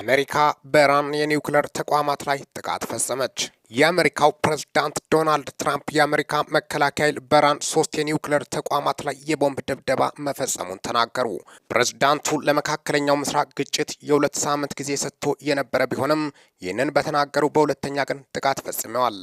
አሜሪካ በኢራን የኒውክሌር ተቋማት ላይ ጥቃት ፈጸመች። የአሜሪካው ፕሬዝዳንት ዶናልድ ትራምፕ የአሜሪካ መከላከያ ኃይል በኢራን ሶስት የኒውክሌር ተቋማት ላይ የቦምብ ድብደባ መፈጸሙን ተናገሩ። ፕሬዝዳንቱ ለመካከለኛው ምስራቅ ግጭት የሁለት ሳምንት ጊዜ ሰጥቶ የነበረ ቢሆንም ይህንን በተናገሩ በሁለተኛ ቀን ጥቃት ፈጽመዋል።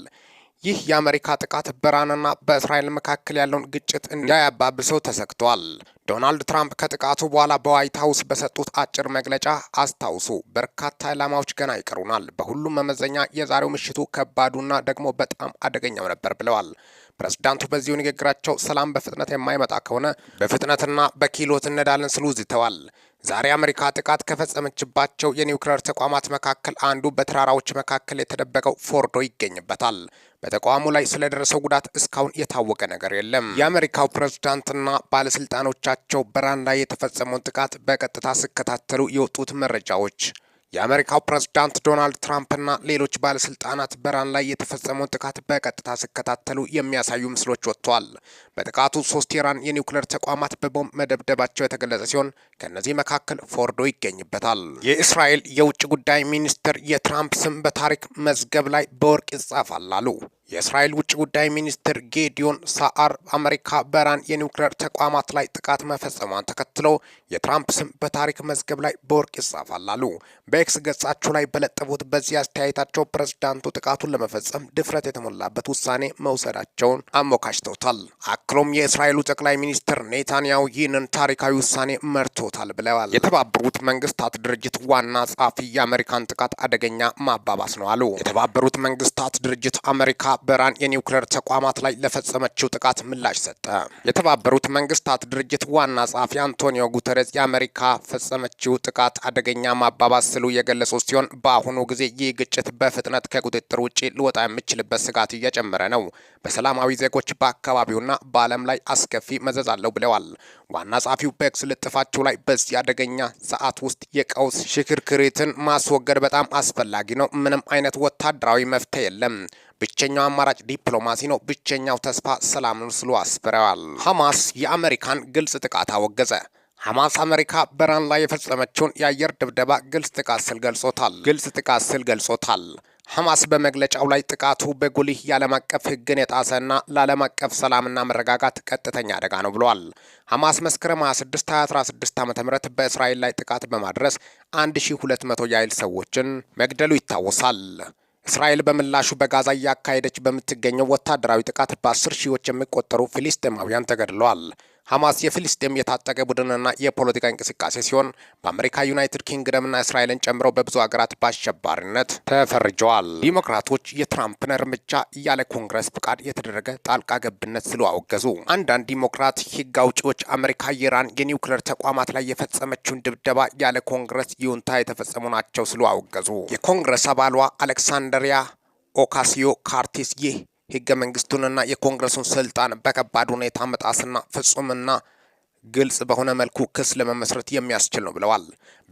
ይህ የአሜሪካ ጥቃት በኢራንና በእስራኤል መካከል ያለውን ግጭት እንዳያባብሰው ተሰግቷል። ዶናልድ ትራምፕ ከጥቃቱ በኋላ በዋይት ሀውስ በሰጡት አጭር መግለጫ አስታውሱ፣ በርካታ ዓላማዎች ገና ይቀሩናል። በሁሉም መመዘኛ የዛሬው ምሽቱ ከባዱና ደግሞ በጣም አደገኛው ነበር ብለዋል። ፕሬዚዳንቱ በዚሁ ንግግራቸው ሰላም በፍጥነት የማይመጣ ከሆነ በፍጥነትና በኪሎት እንዳለን ስሉ ዝተዋል። ዛሬ አሜሪካ ጥቃት ከፈጸመችባቸው የኒውክሌር ተቋማት መካከል አንዱ በተራራዎች መካከል የተደበቀው ፎርዶ ይገኝበታል። በተቋሙ ላይ ስለደረሰው ጉዳት እስካሁን የታወቀ ነገር የለም። የአሜሪካው ፕሬዝዳንትና ባለስልጣኖቻቸው በራንዳ የተፈጸመውን ጥቃት በቀጥታ ሲከታተሉ የወጡት መረጃዎች የአሜሪካው ፕሬዝዳንት ዶናልድ ትራምፕና ሌሎች ባለስልጣናት በኢራን ላይ የተፈጸመውን ጥቃት በቀጥታ ሲከታተሉ የሚያሳዩ ምስሎች ወጥቷል። በጥቃቱ ሶስት የኢራን የኒውክሌር ተቋማት በቦምብ መደብደባቸው የተገለጸ ሲሆን ከእነዚህ መካከል ፎርዶ ይገኝበታል። የእስራኤል የውጭ ጉዳይ ሚኒስትር የትራምፕ ስም በታሪክ መዝገብ ላይ በወርቅ ይጻፋል አሉ። የእስራኤል ውጭ ጉዳይ ሚኒስትር ጌዲዮን ሳአር አሜሪካ በኢራን የኒውክሌር ተቋማት ላይ ጥቃት መፈጸሟን ተከትሎ የትራምፕ ስም በታሪክ መዝገብ ላይ በወርቅ ይጻፋል አሉ። በኤክስ ገጻቸው ላይ በለጠፉት በዚህ አስተያየታቸው ፕሬዝዳንቱ ጥቃቱን ለመፈጸም ድፍረት የተሞላበት ውሳኔ መውሰዳቸውን አሞካሽተውታል። አክሎም የእስራኤሉ ጠቅላይ ሚኒስትር ኔታንያሁ ይህንን ታሪካዊ ውሳኔ መርቶታል ብለዋል። የተባበሩት መንግስታት ድርጅት ዋና ጸሐፊ የአሜሪካን ጥቃት አደገኛ ማባባስ ነው አሉ። የተባበሩት መንግስታት ድርጅት አሜሪካ በኢራን የኒውክሌር ተቋማት ላይ ለፈጸመችው ጥቃት ምላሽ ሰጠ። የተባበሩት መንግስታት ድርጅት ዋና ጸሐፊ አንቶኒዮ ጉተሬስ የአሜሪካ ፈጸመችው ጥቃት አደገኛ ማባባስ ስሉ የገለጹ ሲሆን በአሁኑ ጊዜ ይህ ግጭት በፍጥነት ከቁጥጥር ውጭ ሊወጣ የሚችልበት ስጋት እየጨመረ ነው። በሰላማዊ ዜጎች በአካባቢውና በዓለም ላይ አስከፊ መዘዝ አለው ብለዋል። ዋና ጸሐፊው በኤክስ ልጥፋቸው ላይ በዚህ አደገኛ ሰዓት ውስጥ የቀውስ ሽክርክሪትን ማስወገድ በጣም አስፈላጊ ነው። ምንም አይነት ወታደራዊ መፍትሄ የለም። ብቸኛው አማራጭ ዲፕሎማሲ ነው። ብቸኛው ተስፋ ሰላም ነው ሲሉ አስፍረዋል። ሐማስ የአሜሪካን ግልጽ ጥቃት አወገዘ። ሐማስ አሜሪካ በኢራን ላይ የፈጸመችውን የአየር ድብደባ ግልጽ ጥቃት ስል ገልጾታል ግልጽ ጥቃት ስል ገልጾታል። ሐማስ በመግለጫው ላይ ጥቃቱ በጉልህ የዓለም አቀፍ ሕግን የጣሰና ለዓለም አቀፍ ሰላምና መረጋጋት ቀጥተኛ አደጋ ነው ብሏል። ሐማስ መስከረም 26 2016 ዓ.ም በእስራኤል ላይ ጥቃት በማድረስ 1200 ያህል ሰዎችን መግደሉ ይታወሳል። እስራኤል በምላሹ በጋዛ እያካሄደች በምትገኘው ወታደራዊ ጥቃት በአስር ሺዎች የሚቆጠሩ ፊሊስጤማውያን ተገድለዋል። ሐማስ የፊልስጤም የታጠቀ ቡድንና የፖለቲካ እንቅስቃሴ ሲሆን በአሜሪካ፣ ዩናይትድ ኪንግደምና እስራኤልን ጨምሮ በብዙ ሀገራት በአሸባሪነት ተፈርጀዋል። ዲሞክራቶች የትራምፕን እርምጃ ያለ ኮንግረስ ፍቃድ የተደረገ ጣልቃ ገብነት ስሉ አወገዙ። አንዳንድ ዲሞክራት ሕግ አውጪዎች አሜሪካ የኢራን የኒውክሌር ተቋማት ላይ የፈጸመችውን ድብደባ ያለ ኮንግረስ ይሁንታ የተፈጸሙ ናቸው ስሉ አወገዙ። የኮንግረስ አባሏ አሌክሳንደሪያ ኦካሲዮ ካርቲስ ይህ ህገ መንግስቱንና የኮንግረሱን ስልጣን በከባድ ሁኔታ መጣስና ፍጹምና ግልጽ በሆነ መልኩ ክስ ለመመስረት የሚያስችል ነው ብለዋል።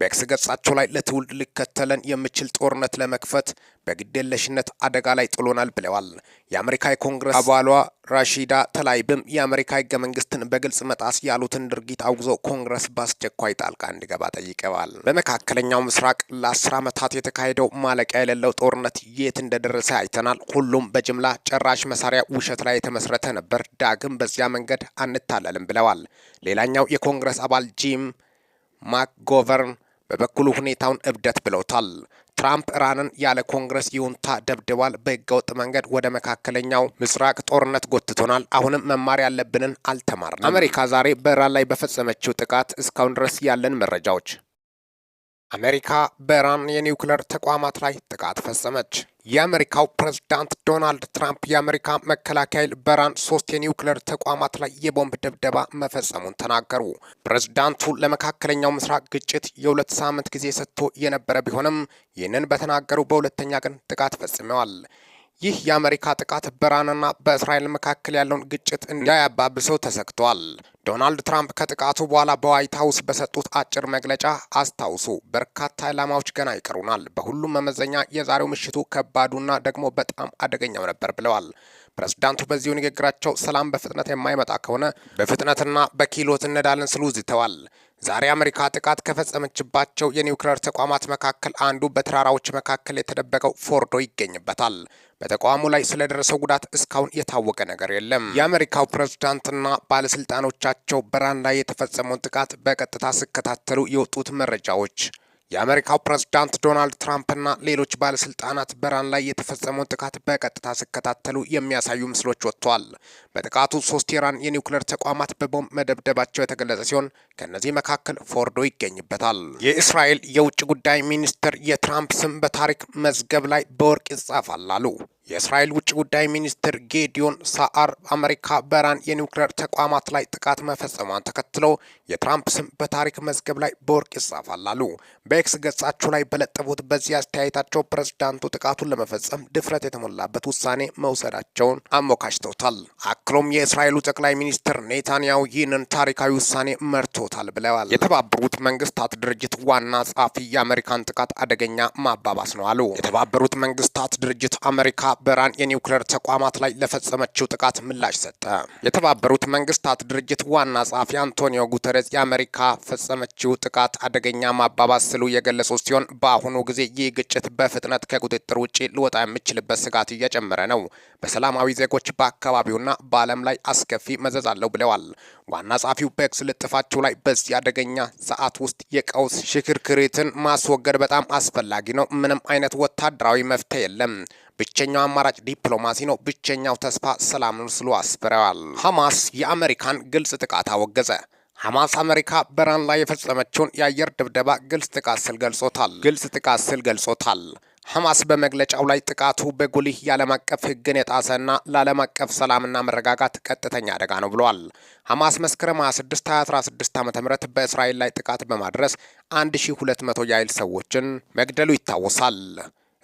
በኤክስ ገጻቸው ላይ ለትውልድ ሊከተለን የሚችል ጦርነት ለመክፈት በግዴለሽነት አደጋ ላይ ጥሎናል ብለዋል። የአሜሪካ የኮንግረስ አባሏ ራሺዳ ተላይብም የአሜሪካ ህገ መንግስትን በግልጽ መጣስ ያሉትን ድርጊት አውግዘው ኮንግረስ በአስቸኳይ ጣልቃ እንዲገባ ጠይቀዋል። በመካከለኛው ምስራቅ ለአስር ዓመታት የተካሄደው ማለቂያ የሌለው ጦርነት የት እንደደረሰ አይተናል። ሁሉም በጅምላ ጨራሽ መሳሪያ ውሸት ላይ የተመሰረተ ነበር። ዳግም በዚያ መንገድ አንታለልም ብለዋል። ሌላኛው የኮንግረስ አባል ጂም ማክጎቨርን በበኩሉ ሁኔታውን እብደት ብለውታል። ትራምፕ ኢራንን ያለ ኮንግረስ ይሁንታ ደብድቧል። በህገወጥ መንገድ ወደ መካከለኛው ምስራቅ ጦርነት ጎትቶናል። አሁንም መማር ያለብንን አልተማርንም። አሜሪካ ዛሬ በኢራን ላይ በፈጸመችው ጥቃት እስካሁን ድረስ ያለን መረጃዎች አሜሪካ በኢራን የኒውክሌር ተቋማት ላይ ጥቃት ፈጸመች። የአሜሪካው ፕሬዝዳንት ዶናልድ ትራምፕ የአሜሪካ መከላከያ ኃይል በኢራን ሶስት የኒውክሌር ተቋማት ላይ የቦምብ ድብደባ መፈጸሙን ተናገሩ። ፕሬዝዳንቱ ለመካከለኛው ምስራቅ ግጭት የሁለት ሳምንት ጊዜ ሰጥቶ የነበረ ቢሆንም ይህንን በተናገሩ በሁለተኛ ቀን ጥቃት ፈጽመዋል። ይህ የአሜሪካ ጥቃት በኢራንና በእስራኤል መካከል ያለውን ግጭት እንዳያባብሰው ተሰግቷል። ዶናልድ ትራምፕ ከጥቃቱ በኋላ በዋይት ሀውስ በሰጡት አጭር መግለጫ አስታውሱ፣ በርካታ ዓላማዎች ገና ይቀሩናል። በሁሉም መመዘኛ የዛሬው ምሽቱ ከባዱና ደግሞ በጣም አደገኛው ነበር ብለዋል። ፕሬዚዳንቱ በዚሁ ንግግራቸው ሰላም በፍጥነት የማይመጣ ከሆነ በፍጥነትና በኪሎት እንዳለን ስሉ ዝተዋል። ዛሬ አሜሪካ ጥቃት ከፈጸመችባቸው የኒውክሌር ተቋማት መካከል አንዱ በተራራዎች መካከል የተደበቀው ፎርዶ ይገኝበታል። በተቋሙ ላይ ስለደረሰው ጉዳት እስካሁን የታወቀ ነገር የለም። የአሜሪካው ፕሬዝዳንትና ባለስልጣኖቻቸው በኢራን ላይ የተፈጸመውን ጥቃት በቀጥታ ሲከታተሉ የወጡት መረጃዎች የአሜሪካው ፕሬዝዳንት ዶናልድ ትራምፕና ሌሎች ባለስልጣናት በኢራን ላይ የተፈጸመውን ጥቃት በቀጥታ ሲከታተሉ የሚያሳዩ ምስሎች ወጥተዋል። በጥቃቱ ሶስት የኢራን የኒውክሌር ተቋማት በቦምብ መደብደባቸው የተገለጸ ሲሆን ከእነዚህ መካከል ፎርዶ ይገኝበታል። የእስራኤል የውጭ ጉዳይ ሚኒስትር የትራምፕ ስም በታሪክ መዝገብ ላይ በወርቅ ይጻፋል አሉ። የእስራኤል ውጭ ጉዳይ ሚኒስትር ጌዲዮን ሳአር አሜሪካ በኢራን የኒውክሌር ተቋማት ላይ ጥቃት መፈጸሟን ተከትለው የትራምፕ ስም በታሪክ መዝገብ ላይ በወርቅ ይጻፋል አሉ። በኤክስ ገጻቸው ላይ በለጠፉት በዚህ አስተያየታቸው ፕሬዝዳንቱ ጥቃቱን ለመፈጸም ድፍረት የተሞላበት ውሳኔ መውሰዳቸውን አሞካሽተውታል። አክሎም የእስራኤሉ ጠቅላይ ሚኒስትር ኔታንያሁ ይህንን ታሪካዊ ውሳኔ መርቶታል ብለዋል። የተባበሩት መንግስታት ድርጅት ዋና ጸሐፊ የአሜሪካን ጥቃት አደገኛ ማባባስ ነው አሉ። የተባበሩት መንግስታት ድርጅት አሜሪካ በኢራን የኒውክሌር ተቋማት ላይ ለፈጸመችው ጥቃት ምላሽ ሰጠ። የተባበሩት መንግስታት ድርጅት ዋና ጸሐፊ አንቶኒዮ ጉተሬስ የአሜሪካ ፈጸመችው ጥቃት አደገኛ ማባባስ ስሉ የገለጹ ሲሆን በአሁኑ ጊዜ ይህ ግጭት በፍጥነት ከቁጥጥር ውጭ ሊወጣ የሚችልበት ስጋት እየጨመረ ነው፣ በሰላማዊ ዜጎች በአካባቢውና በዓለም ላይ አስከፊ መዘዝ አለው ብለዋል። ዋና ጸሐፊው በኤክስ ልጥፋቸው ላይ በዚህ አደገኛ ሰዓት ውስጥ የቀውስ ሽክርክሪትን ማስወገድ በጣም አስፈላጊ ነው። ምንም አይነት ወታደራዊ መፍትሄ የለም። ብቸኛው አማራጭ ዲፕሎማሲ ነው፣ ብቸኛው ተስፋ ሰላም ነው ሲሉ አስፍረዋል። ሐማስ የአሜሪካን ግልጽ ጥቃት አወገዘ። ሐማስ አሜሪካ በኢራን ላይ የፈጸመችውን የአየር ድብደባ ግልጽ ጥቃት ስል ገልጾታል ግልጽ ጥቃት ስል ገልጾታል። ሐማስ በመግለጫው ላይ ጥቃቱ በጉልህ የዓለም አቀፍ ሕግን የጣሰና ለዓለም አቀፍ ሰላምና መረጋጋት ቀጥተኛ አደጋ ነው ብሏል። ሐማስ መስከረም 26 2016 ዓ.ም በእስራኤል ላይ ጥቃት በማድረስ 1200 ያህል ሰዎችን መግደሉ ይታወሳል።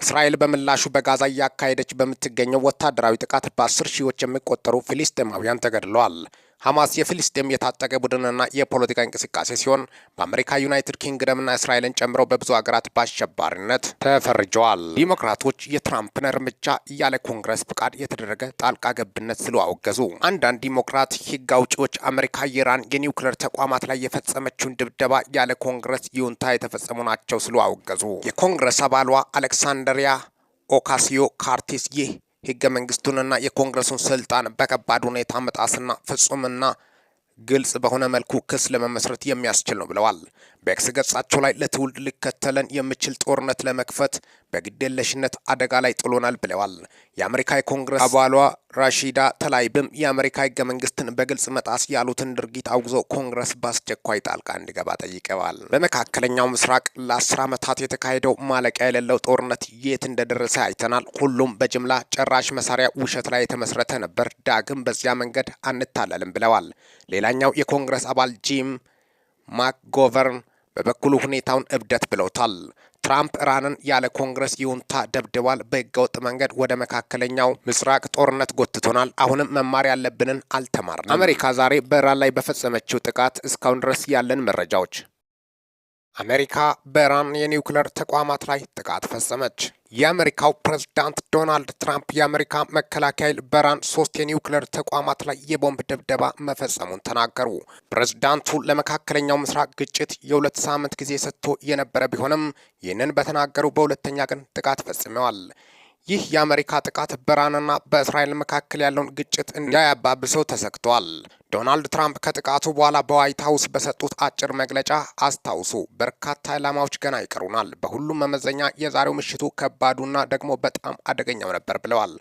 እስራኤል በምላሹ በጋዛ እያካሄደች በምትገኘው ወታደራዊ ጥቃት በአስር ሺዎች የሚቆጠሩ ፊሊስጤማውያን ተገድለዋል። ሐማስ የፊልስጤም የታጠቀ ቡድንና የፖለቲካ እንቅስቃሴ ሲሆን በአሜሪካ፣ ዩናይትድ ኪንግደምና እስራኤልን ጨምሮ በብዙ ሀገራት በአሸባሪነት ተፈርጀዋል። ዲሞክራቶች የትራምፕን እርምጃ ያለ ኮንግረስ ፍቃድ የተደረገ ጣልቃ ገብነት ስሉ አወገዙ። አንዳንድ ዲሞክራት ሕግ አውጪዎች አሜሪካ የኢራን የኒውክሌር ተቋማት ላይ የፈጸመችውን ድብደባ ያለ ኮንግረስ ይሁንታ የተፈጸሙ ናቸው ስሉ አወገዙ። የኮንግረስ አባሏ አሌክሳንደሪያ ኦካሲዮ ካርቲስ ይህ ህገ መንግስቱንና የኮንግረሱን ስልጣን በከባድ ሁኔታ መጣስና ፍጹምና ግልጽ በሆነ መልኩ ክስ ለመመስረት የሚያስችል ነው ብለዋል። በኤክስ ገጻቸው ላይ ለትውልድ ሊከተለን የሚችል ጦርነት ለመክፈት በግዴለሽነት አደጋ ላይ ጥሎናል ብለዋል። የአሜሪካ የኮንግረስ አባሏ ራሺዳ ተላይብም የአሜሪካ ህገ መንግስትን በግልጽ መጣስ ያሉትን ድርጊት አውግዘው ኮንግረስ በአስቸኳይ ጣልቃ እንዲገባ ጠይቀዋል። በመካከለኛው ምስራቅ ለአስር ዓመታት የተካሄደው ማለቂያ የሌለው ጦርነት የት እንደደረሰ አይተናል። ሁሉም በጅምላ ጨራሽ መሳሪያ ውሸት ላይ የተመስረተ ነበር። ዳግም በዚያ መንገድ አንታለልም ብለዋል። ሌላኛው የኮንግረስ አባል ጂም ማክጎቨርን በበኩሉ ሁኔታውን እብደት ብለውታል። ትራምፕ ኢራንን ያለ ኮንግረስ ይሁንታ ደብድቧል። በህገወጥ መንገድ ወደ መካከለኛው ምስራቅ ጦርነት ጎትቶናል። አሁንም መማር ያለብንን አልተማርንም። አሜሪካ ዛሬ በኢራን ላይ በፈጸመችው ጥቃት እስካሁን ድረስ ያለን መረጃዎች አሜሪካ በኢራን የኒውክሌር ተቋማት ላይ ጥቃት ፈጸመች። የአሜሪካው ፕሬዝዳንት ዶናልድ ትራምፕ የአሜሪካ መከላከያ ኃይል በኢራን ሶስት የኒውክሌር ተቋማት ላይ የቦምብ ድብደባ መፈጸሙን ተናገሩ። ፕሬዝዳንቱ ለመካከለኛው ምስራቅ ግጭት የሁለት ሳምንት ጊዜ ሰጥቶ የነበረ ቢሆንም ይህንን በተናገሩ በሁለተኛ ቀን ጥቃት ፈጽመዋል። ይህ የአሜሪካ ጥቃት በኢራንና በእስራኤል መካከል ያለውን ግጭት እንዳያባብሰው ተሰግቷል። ዶናልድ ትራምፕ ከጥቃቱ በኋላ በዋይት ሀውስ በሰጡት አጭር መግለጫ አስታውሱ፣ በርካታ ዓላማዎች ገና ይቀሩናል። በሁሉም መመዘኛ የዛሬው ምሽቱ ከባዱና ደግሞ በጣም አደገኛው ነበር ብለዋል።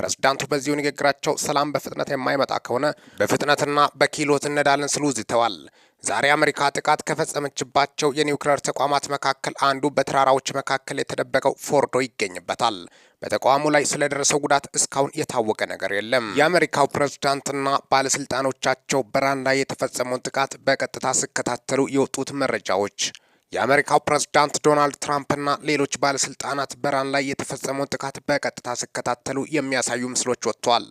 ፕሬዚዳንቱ በዚሁ ንግግራቸው ሰላም በፍጥነት የማይመጣ ከሆነ በፍጥነትና በኪሎት እንዳለን ስሉ ዝተዋል። ዛሬ አሜሪካ ጥቃት ከፈጸመችባቸው የኒውክሌር ተቋማት መካከል አንዱ በተራራዎች መካከል የተደበቀው ፎርዶ ይገኝበታል። በተቋሙ ላይ ስለደረሰው ጉዳት እስካሁን የታወቀ ነገር የለም። የአሜሪካው ፕሬዝዳንትና ባለስልጣኖቻቸው በኢራን ላይ የተፈጸመውን ጥቃት በቀጥታ ሲከታተሉ የወጡት መረጃዎች የአሜሪካው ፕሬዝዳንት ዶናልድ ትራምፕና ሌሎች ባለስልጣናት በኢራን ላይ የተፈጸመውን ጥቃት በቀጥታ ሲከታተሉ የሚያሳዩ ምስሎች ወጥተዋል።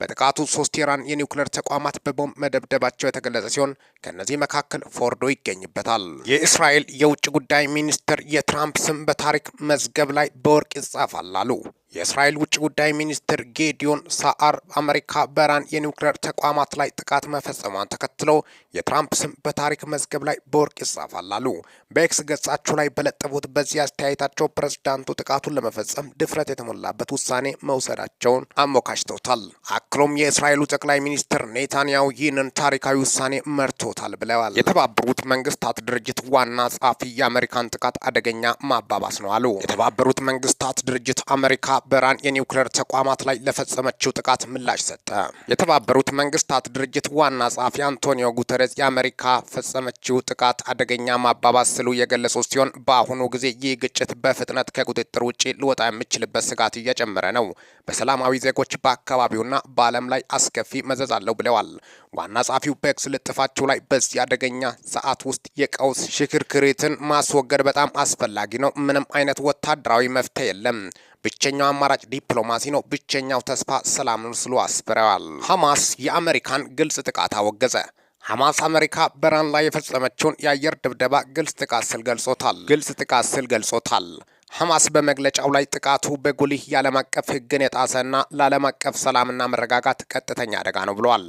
በጥቃቱ ሶስት የኢራን የኒውክሌር ተቋማት በቦምብ መደብደባቸው የተገለጸ ሲሆን ከእነዚህ መካከል ፎርዶ ይገኝበታል። የእስራኤል የውጭ ጉዳይ ሚኒስትር የትራምፕ ስም በታሪክ መዝገብ ላይ በወርቅ ይጻፋል አሉ። የእስራኤል ውጭ ጉዳይ ሚኒስትር ጌዲዮን ሳአር አሜሪካ በኢራን የኒውክሌር ተቋማት ላይ ጥቃት መፈጸሟን ተከትለው የትራምፕ ስም በታሪክ መዝገብ ላይ በወርቅ ይጻፋል አሉ። በኤክስ ገጻቸው ላይ በለጠፉት በዚህ አስተያየታቸው ፕሬዝዳንቱ ጥቃቱን ለመፈጸም ድፍረት የተሞላበት ውሳኔ መውሰዳቸውን አሞካሽተውታል። አክሎም የእስራኤሉ ጠቅላይ ሚኒስትር ኔታንያሁ ይህንን ታሪካዊ ውሳኔ መርቶታል ብለዋል። የተባበሩት መንግስታት ድርጅት ዋና ጸሐፊ የአሜሪካን ጥቃት አደገኛ ማባባስ ነው አሉ። የተባበሩት መንግስታት ድርጅት አሜሪካ በኢራን የኒውክሌር ተቋማት ላይ ለፈጸመችው ጥቃት ምላሽ ሰጠ። የተባበሩት መንግስታት ድርጅት ዋና ጸሐፊ አንቶኒዮ ጉተሬስ የአሜሪካ ፈጸመችው ጥቃት አደገኛ ማባባስ ስሉ የገለጹ ሲሆን በአሁኑ ጊዜ ይህ ግጭት በፍጥነት ከቁጥጥር ውጭ ሊወጣ የሚችልበት ስጋት እየጨመረ ነው፣ በሰላማዊ ዜጎች በአካባቢውና በዓለም ላይ አስከፊ መዘዝ አለው ብለዋል። ዋና ጸሐፊው በኤክስ ልጥፋቸው ላይ በዚህ አደገኛ ሰዓት ውስጥ የቀውስ ሽክርክሪትን ማስወገድ በጣም አስፈላጊ ነው። ምንም አይነት ወታደራዊ መፍትሄ የለም። ብቸኛው አማራጭ ዲፕሎማሲ ነው፣ ብቸኛው ተስፋ ሰላም ነው ሲሉ አስብረዋል። ሐማስ የአሜሪካን ግልጽ ጥቃት አወገዘ። ሐማስ አሜሪካ በኢራን ላይ የፈጸመችውን የአየር ድብደባ ግልጽ ጥቃት ስል ገልጾታል ግልጽ ጥቃት ስል ገልጾታል። ሐማስ በመግለጫው ላይ ጥቃቱ በጉልህ የዓለም አቀፍ ሕግን የጣሰና ለዓለም አቀፍ ሰላምና መረጋጋት ቀጥተኛ አደጋ ነው ብሏል።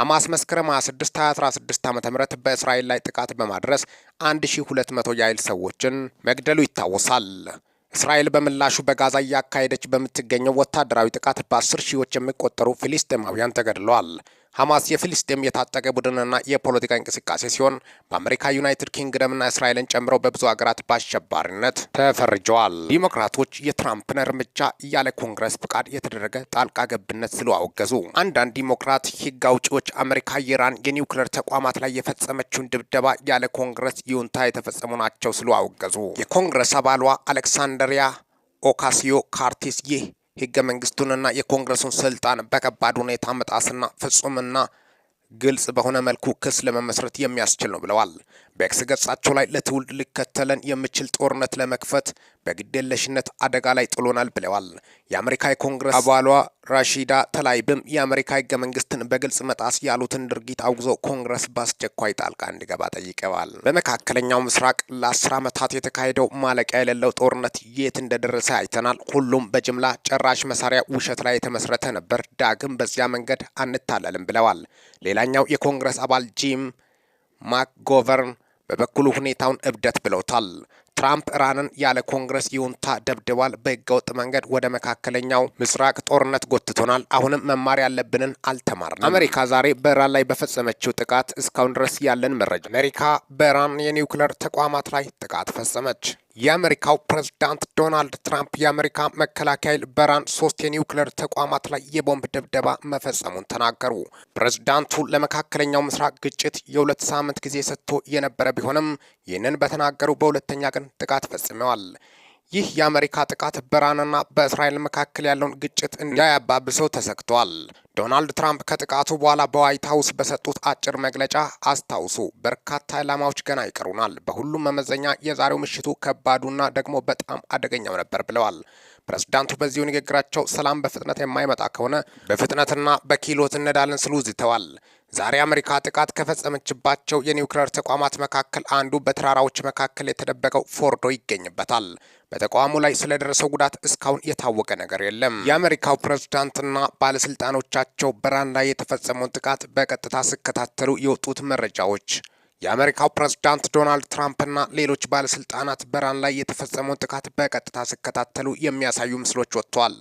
ሐማስ መስከረም 26 2016 ዓ.ም በእስራኤል ላይ ጥቃት በማድረስ 1200 ያህል ሰዎችን መግደሉ ይታወሳል። እስራኤል በምላሹ በጋዛ እያካሄደች በምትገኘው ወታደራዊ ጥቃት በአስር ሺዎች የሚቆጠሩ ፊሊስጤማውያን ተገድለዋል። ሐማስ የፊልስጤም የታጠቀ ቡድንና የፖለቲካ እንቅስቃሴ ሲሆን በአሜሪካ፣ ዩናይትድ ኪንግደምና እስራኤልን ጨምሮ በብዙ ሀገራት በአሸባሪነት ተፈርጀዋል። ዲሞክራቶች የትራምፕን እርምጃ ያለ ኮንግረስ ፍቃድ የተደረገ ጣልቃ ገብነት ስሉ አወገዙ። አንዳንድ ዲሞክራት ሕግ አውጪዎች አሜሪካ የኢራን የኒውክሌር ተቋማት ላይ የፈጸመችውን ድብደባ ያለ ኮንግረስ ይሁንታ የተፈጸሙ ናቸው ስሉ አወገዙ። የኮንግረስ አባሏ አሌክሳንደሪያ ኦካሲዮ ካርቲስ ይህ ህገ መንግስቱንና የኮንግረሱን ስልጣን በከባድ ሁኔታ መጣስና ፍጹምና ግልጽ በሆነ መልኩ ክስ ለመመስረት የሚያስችል ነው ብለዋል። በኤክስ ገጻቸው ላይ ለትውልድ ሊከተለን የሚችል ጦርነት ለመክፈት በግዴለሽነት አደጋ ላይ ጥሎናል ብለዋል። የአሜሪካ የኮንግረስ አባሏ ራሺዳ ተላይብም የአሜሪካ ህገ መንግስትን በግልጽ መጣስ ያሉትን ድርጊት አውግዞ ኮንግረስ በአስቸኳይ ጣልቃ እንዲገባ ጠይቀዋል። በመካከለኛው ምስራቅ ለአስር ዓመታት የተካሄደው ማለቂያ የሌለው ጦርነት የት እንደደረሰ አይተናል። ሁሉም በጅምላ ጨራሽ መሳሪያ ውሸት ላይ የተመስረተ ነበር። ዳግም በዚያ መንገድ አንታለልም ብለዋል። ሌላኛው የኮንግረስ አባል ጂም ማክጎቨርን በበኩሉ ሁኔታውን እብደት ብለውታል። ትራምፕ ኢራንን ያለ ኮንግረስ ይሁንታ ደብድቧል። በህገወጥ መንገድ ወደ መካከለኛው ምስራቅ ጦርነት ጎትቶናል። አሁንም መማር ያለብንን አልተማርንም። አሜሪካ ዛሬ በኢራን ላይ በፈጸመችው ጥቃት እስካሁን ድረስ ያለን መረጃ አሜሪካ በኢራን የኒውክለር ተቋማት ላይ ጥቃት ፈጸመች። የአሜሪካው ፕሬዝዳንት ዶናልድ ትራምፕ የአሜሪካ መከላከያ ኃይል በኢራን ሶስት የኒውክሌር ተቋማት ላይ የቦምብ ድብደባ መፈጸሙን ተናገሩ። ፕሬዝዳንቱ ለመካከለኛው ምስራቅ ግጭት የሁለት ሳምንት ጊዜ ሰጥቶ የነበረ ቢሆንም ይህንን በተናገሩ በሁለተኛ ቀን ጥቃት ፈጽመዋል። ይህ የአሜሪካ ጥቃት በኢራንና በእስራኤል መካከል ያለውን ግጭት እንዳያባብሰው ተሰግቷል። ዶናልድ ትራምፕ ከጥቃቱ በኋላ በዋይት ሀውስ በሰጡት አጭር መግለጫ አስታውሱ፣ በርካታ ዓላማዎች ገና ይቀሩናል። በሁሉም መመዘኛ የዛሬው ምሽቱ ከባዱና ደግሞ በጣም አደገኛው ነበር ብለዋል። ፕሬዚዳንቱ በዚሁ ንግግራቸው ሰላም በፍጥነት የማይመጣ ከሆነ በፍጥነትና በኪሎት እንዳለን ስሉ ዝተዋል። ዛሬ አሜሪካ ጥቃት ከፈጸመችባቸው የኒውክሌር ተቋማት መካከል አንዱ በተራራዎች መካከል የተደበቀው ፎርዶ ይገኝበታል። በተቋሙ ላይ ስለደረሰው ጉዳት እስካሁን የታወቀ ነገር የለም። የአሜሪካው ፕሬዝዳንትና ባለስልጣኖቻቸው በኢራን ላይ የተፈጸመውን ጥቃት በቀጥታ ሲከታተሉ የወጡት መረጃዎች የአሜሪካው ፕሬዝዳንት ዶናልድ ትራምፕና ሌሎች ባለስልጣናት በኢራን ላይ የተፈጸመውን ጥቃት በቀጥታ ሲከታተሉ የሚያሳዩ ምስሎች ወጥተዋል።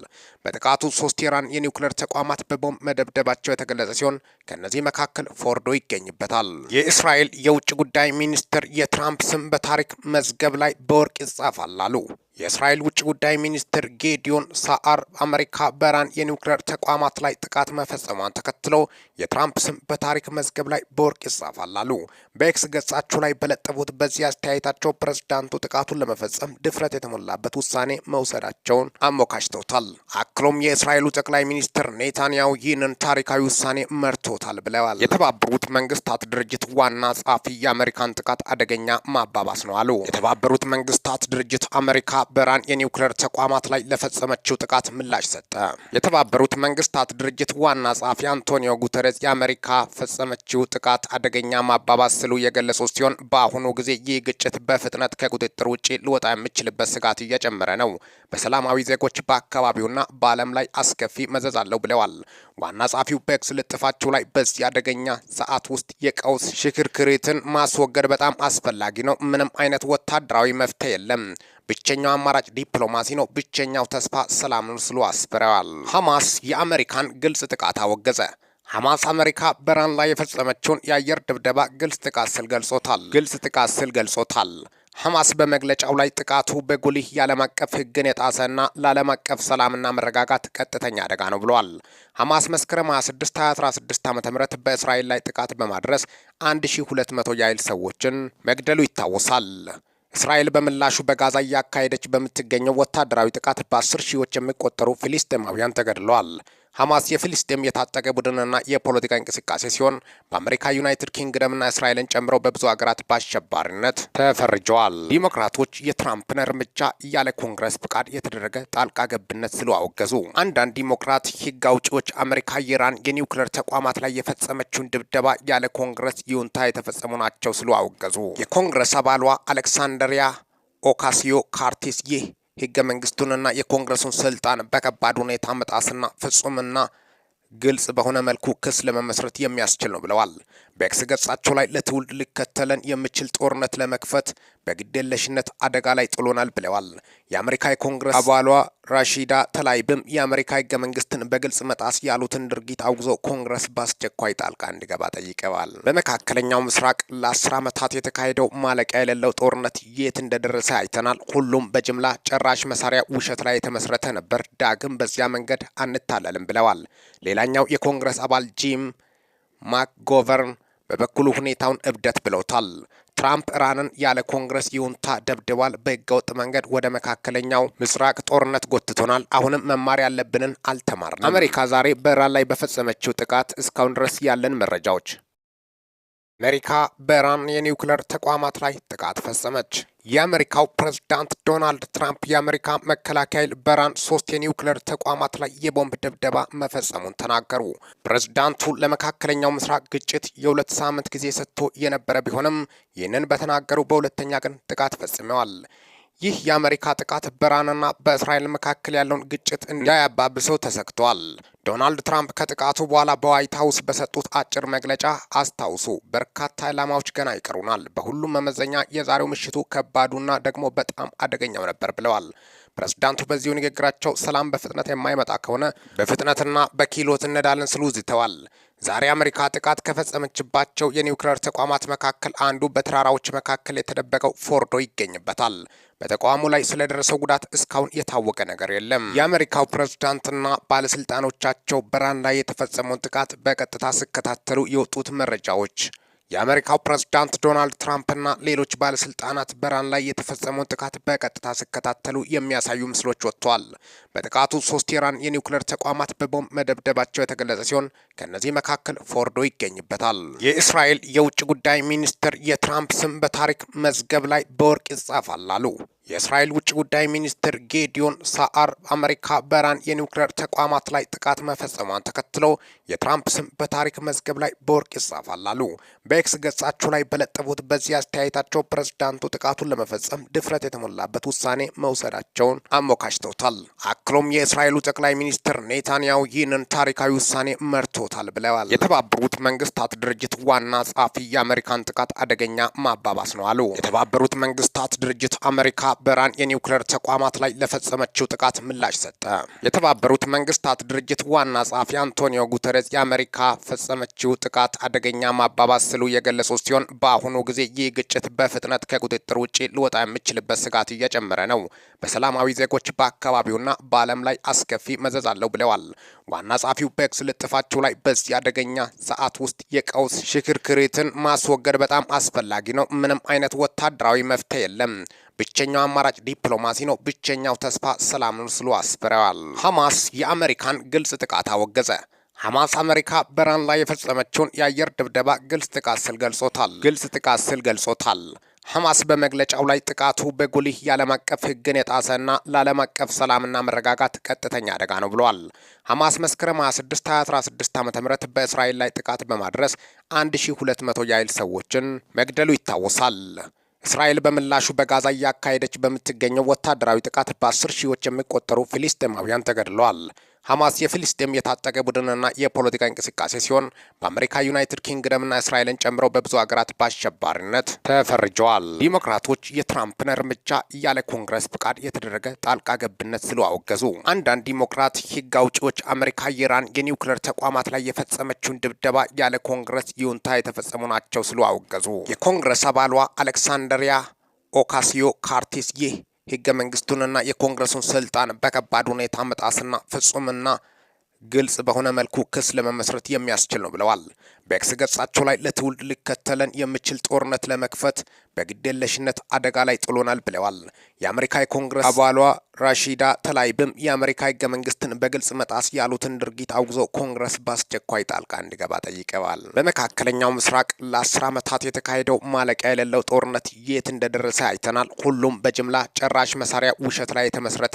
በጥቃቱ ሶስት የኢራን የኒውክሌር ተቋማት በቦምብ መደብደባቸው የተገለጸ ሲሆን ከእነዚህ መካከል ፎርዶ ይገኝበታል። የእስራኤል የውጭ ጉዳይ ሚኒስትር የትራምፕ ስም በታሪክ መዝገብ ላይ በወርቅ ይጻፋል አሉ። የእስራኤል ውጭ ጉዳይ ሚኒስትር ጌዲዮን ሳአር አሜሪካ በኢራን የኒውክሌር ተቋማት ላይ ጥቃት መፈጸሟን ተከትሎ የትራምፕ ስም በታሪክ መዝገብ ላይ በወርቅ ይጻፋል አሉ። በኤክስ ገጻቸው ላይ በለጠፉት በዚህ አስተያየታቸው ፕሬዝዳንቱ ጥቃቱን ለመፈጸም ድፍረት የተሞላበት ውሳኔ መውሰዳቸውን አሞካሽተውታል። አክሎም የእስራኤሉ ጠቅላይ ሚኒስትር ኔታንያሁ ይህንን ታሪካዊ ውሳኔ መርቶታል ብለዋል። የተባበሩት መንግስታት ድርጅት ዋና ጸሐፊ የአሜሪካን ጥቃት አደገኛ ማባባስ ነው አሉ። የተባበሩት መንግስታት ድርጅት አሜሪካ በኢራን የኒውክሌር ተቋማት ላይ ለፈጸመችው ጥቃት ምላሽ ሰጠ። የተባበሩት መንግስታት ድርጅት ዋና ጸሐፊ አንቶኒዮ ጉተሬስ የአሜሪካ ፈጸመችው ጥቃት አደገኛ ማባባስ ስሉ የገለጹ ሲሆን በአሁኑ ጊዜ ይህ ግጭት በፍጥነት ከቁጥጥር ውጭ ሊወጣ የሚችልበት ስጋት እየጨመረ ነው። በሰላማዊ ዜጎች በአካባቢውና በዓለም ላይ አስከፊ መዘዝ አለው ብለዋል። ዋና ጸሐፊው በኤክስ ልጥፋቸው ላይ በዚህ አደገኛ ሰዓት ውስጥ የቀውስ ሽክርክሪትን ማስወገድ በጣም አስፈላጊ ነው። ምንም አይነት ወታደራዊ መፍትሄ የለም። ብቸኛው አማራጭ ዲፕሎማሲ ነው። ብቸኛው ተስፋ ሰላም ነው ሲሉ አስፍረዋል። ሐማስ የአሜሪካን ግልጽ ጥቃት አወገዘ። ሐማስ አሜሪካ በኢራን ላይ የፈጸመችውን የአየር ድብደባ ግልጽ ጥቃት ስል ገልጾታል ግልጽ ጥቃት ስል ገልጾታል። ሐማስ በመግለጫው ላይ ጥቃቱ በጉልህ የዓለም አቀፍ ሕግን የጣሰና ለዓለም አቀፍ ሰላምና መረጋጋት ቀጥተኛ አደጋ ነው ብሏል። ሐማስ መስከረም 26 2016 ዓ.ም በእስራኤል ላይ ጥቃት በማድረስ 1200 ያህል ሰዎችን መግደሉ ይታወሳል። እስራኤል በምላሹ በጋዛ እያካሄደች በምትገኘው ወታደራዊ ጥቃት በአስር ሺዎች የሚቆጠሩ ፊሊስጤማውያን ተገድለዋል። ሐማስ የፊልስጤም የታጠቀ ቡድንና የፖለቲካ እንቅስቃሴ ሲሆን በአሜሪካ፣ ዩናይትድ ኪንግደምና እስራኤልን ጨምሮ በብዙ ሀገራት በአሸባሪነት ተፈርጀዋል። ዲሞክራቶች የትራምፕን እርምጃ ያለ ኮንግረስ ፍቃድ የተደረገ ጣልቃ ገብነት ስሉ አወገዙ። አንዳንድ ዲሞክራት ህግ አውጪዎች አሜሪካ የኢራን የኒውክሌር ተቋማት ላይ የፈጸመችውን ድብደባ ያለ ኮንግረስ ይሁንታ የተፈጸሙ ናቸው ስሉ አወገዙ። የኮንግረስ አባሏ አሌክሳንደሪያ ኦካሲዮ ካርቲስ ይህ ህገ መንግስቱንና የኮንግረሱን ስልጣን በከባድ ሁኔታ መጣስና ፍጹምና ግልጽ በሆነ መልኩ ክስ ለመመስረት የሚያስችል ነው ብለዋል። በኤክስ ገጻቸው ላይ ለትውልድ ሊከተለን የሚችል ጦርነት ለመክፈት በግዴለሽነት አደጋ ላይ ጥሎናል ብለዋል። የአሜሪካ የኮንግረስ አባሏ ራሺዳ ተላይብም የአሜሪካ ህገ መንግስትን በግልጽ መጣስ ያሉትን ድርጊት አውግዞ ኮንግረስ በአስቸኳይ ጣልቃ እንዲገባ ጠይቀዋል። በመካከለኛው ምስራቅ ለአስር ዓመታት የተካሄደው ማለቂያ የሌለው ጦርነት የት እንደደረሰ አይተናል። ሁሉም በጅምላ ጨራሽ መሳሪያ ውሸት ላይ የተመሰረተ ነበር። ዳግም በዚያ መንገድ አንታለልም ብለዋል። ሌላኛው የኮንግረስ አባል ጂም ማክጎቨርን በበኩሉ ሁኔታውን እብደት ብለውታል። ትራምፕ ኢራንን ያለ ኮንግረስ ይሁንታ ደብድቧል። በህገወጥ መንገድ ወደ መካከለኛው ምስራቅ ጦርነት ጎትቶናል። አሁንም መማር ያለብንን አልተማርንም። አሜሪካ ዛሬ በኢራን ላይ በፈጸመችው ጥቃት እስካሁን ድረስ ያለን መረጃዎች አሜሪካ በኢራን የኒውክሌር ተቋማት ላይ ጥቃት ፈጸመች። የአሜሪካው ፕሬዝዳንት ዶናልድ ትራምፕ የአሜሪካ መከላከያ ኃይል በኢራን ሶስት የኒውክሌር ተቋማት ላይ የቦምብ ድብደባ መፈጸሙን ተናገሩ። ፕሬዝዳንቱ ለመካከለኛው ምስራቅ ግጭት የሁለት ሳምንት ጊዜ ሰጥቶ የነበረ ቢሆንም ይህንን በተናገሩ በሁለተኛ ቀን ጥቃት ፈጽመዋል። ይህ የአሜሪካ ጥቃት በኢራንና በእስራኤል መካከል ያለውን ግጭት እንዳያባብሰው ተሰግቷል። ዶናልድ ትራምፕ ከጥቃቱ በኋላ በዋይት ሀውስ በሰጡት አጭር መግለጫ አስታውሱ፣ በርካታ ዓላማዎች ገና ይቀሩናል። በሁሉም መመዘኛ የዛሬው ምሽቱ ከባዱና ደግሞ በጣም አደገኛው ነበር ብለዋል። ፕሬዚዳንቱ በዚሁ ንግግራቸው ሰላም በፍጥነት የማይመጣ ከሆነ በፍጥነትና በኪሎት እንዳለን ስሉ ዝተዋል። ዛሬ አሜሪካ ጥቃት ከፈጸመችባቸው የኒውክሌር ተቋማት መካከል አንዱ በተራራዎች መካከል የተደበቀው ፎርዶ ይገኝበታል። በተቋሙ ላይ ስለደረሰው ጉዳት እስካሁን የታወቀ ነገር የለም። የአሜሪካው ፕሬዝዳንትና ባለስልጣኖቻቸው በኢራን ላይ የተፈጸመውን ጥቃት በቀጥታ ሲከታተሉ የወጡት መረጃዎች የአሜሪካው ፕሬዝዳንት ዶናልድ ትራምፕና ሌሎች ባለስልጣናት በኢራን ላይ የተፈጸመውን ጥቃት በቀጥታ ሲከታተሉ የሚያሳዩ ምስሎች ወጥተዋል። በጥቃቱ ሶስት የኢራን የኒውክሌር ተቋማት በቦምብ መደብደባቸው የተገለጸ ሲሆን ከእነዚህ መካከል ፎርዶ ይገኝበታል። የእስራኤል የውጭ ጉዳይ ሚኒስትር የትራምፕ ስም በታሪክ መዝገብ ላይ በወርቅ ይጻፋል አሉ። የእስራኤል ውጭ ጉዳይ ሚኒስትር ጌዲዮን ሳአር አሜሪካ በኢራን የኒውክሌር ተቋማት ላይ ጥቃት መፈጸሟን ተከትሎ የትራምፕ ስም በታሪክ መዝገብ ላይ በወርቅ ይጻፋል አሉ። በኤክስ ገጻቸው ላይ በለጠፉት በዚህ አስተያየታቸው ፕሬዝዳንቱ ጥቃቱን ለመፈጸም ድፍረት የተሞላበት ውሳኔ መውሰዳቸውን አሞካሽተውታል። አክሎም የእስራኤሉ ጠቅላይ ሚኒስትር ኔታንያሁ ይህንን ታሪካዊ ውሳኔ መርቶታል ብለዋል። የተባበሩት መንግስታት ድርጅት ዋና ጸሐፊ የአሜሪካን ጥቃት አደገኛ ማባባስ ነው አሉ። የተባበሩት መንግስታት ድርጅት አሜሪካ በኢራን የኒውክሌር ተቋማት ላይ ለፈጸመችው ጥቃት ምላሽ ሰጠ። የተባበሩት መንግስታት ድርጅት ዋና ጸሐፊ አንቶኒዮ ጉተሬስ የአሜሪካ ፈጸመችው ጥቃት አደገኛ ማባባስ ስሉ የገለጹ ሲሆን በአሁኑ ጊዜ ይህ ግጭት በፍጥነት ከቁጥጥር ውጭ ሊወጣ የሚችልበት ስጋት እየጨመረ ነው፣ በሰላማዊ ዜጎች በአካባቢውና በዓለም ላይ አስከፊ መዘዝ አለው ብለዋል። ዋና ጸሐፊው በኤክስ ልጥፋቸው ላይ በዚህ አደገኛ ሰዓት ውስጥ የቀውስ ሽክርክሪትን ማስወገድ በጣም አስፈላጊ ነው። ምንም አይነት ወታደራዊ መፍትሄ የለም። ብቸኛው አማራጭ ዲፕሎማሲ ነው፣ ብቸኛው ተስፋ ሰላም ነው ሲሉ አስብረዋል። ሐማስ የአሜሪካን ግልጽ ጥቃት አወገዘ። ሐማስ አሜሪካ በኢራን ላይ የፈጸመችውን የአየር ድብደባ ግልጽ ጥቃት ስል ገልጾታል ግልጽ ጥቃት ስል ገልጾታል። ሐማስ በመግለጫው ላይ ጥቃቱ በጉልህ የዓለም አቀፍ ሕግን የጣሰና ለዓለም አቀፍ ሰላምና መረጋጋት ቀጥተኛ አደጋ ነው ብሏል። ሐማስ መስከረም 26 2016 ዓ.ም በእስራኤል ላይ ጥቃት በማድረስ 1200 ያህል ሰዎችን መግደሉ ይታወሳል። እስራኤል በምላሹ በጋዛ እያካሄደች በምትገኘው ወታደራዊ ጥቃት በአስር ሺዎች የሚቆጠሩ ፊሊስጤማውያን ተገድለዋል። ሐማስ የፊልስጤም የታጠቀ ቡድንና የፖለቲካ እንቅስቃሴ ሲሆን በአሜሪካ፣ ዩናይትድ ኪንግደምና እስራኤልን ጨምሮ በብዙ ሀገራት በአሸባሪነት ተፈርጀዋል። ዲሞክራቶች የትራምፕን እርምጃ ያለ ኮንግረስ ፍቃድ የተደረገ ጣልቃ ገብነት ስሉ አወገዙ። አንዳንድ ዲሞክራት ህግ አውጪዎች አሜሪካ የኢራን የኒውክሌር ተቋማት ላይ የፈጸመችውን ድብደባ ያለ ኮንግረስ ይሁንታ የተፈጸሙ ናቸው ስሉ አወገዙ። የኮንግረስ አባሏ አሌክሳንደሪያ ኦካሲዮ ካርቲስ ይህ ህገ መንግስቱንና የኮንግረሱን ስልጣን በከባድ ሁኔታ መጣስና ፍጹምና ግልጽ በሆነ መልኩ ክስ ለመመስረት የሚያስችል ነው ብለዋል። በኤክስ ገጻቸው ላይ ለትውልድ ሊከተለን የሚችል ጦርነት ለመክፈት በግዴለሽነት አደጋ ላይ ጥሎናል ብለዋል። የአሜሪካ የኮንግረስ አባሏ ራሺዳ ተላይብም የአሜሪካ ህገ መንግስትን በግልጽ መጣስ ያሉትን ድርጊት አውግዞ ኮንግረስ በአስቸኳይ ጣልቃ እንዲገባ ጠይቀዋል። በመካከለኛው ምስራቅ ለአስር ዓመታት የተካሄደው ማለቂያ የሌለው ጦርነት የት እንደደረሰ አይተናል። ሁሉም በጅምላ ጨራሽ መሳሪያ ውሸት ላይ የተመስረተ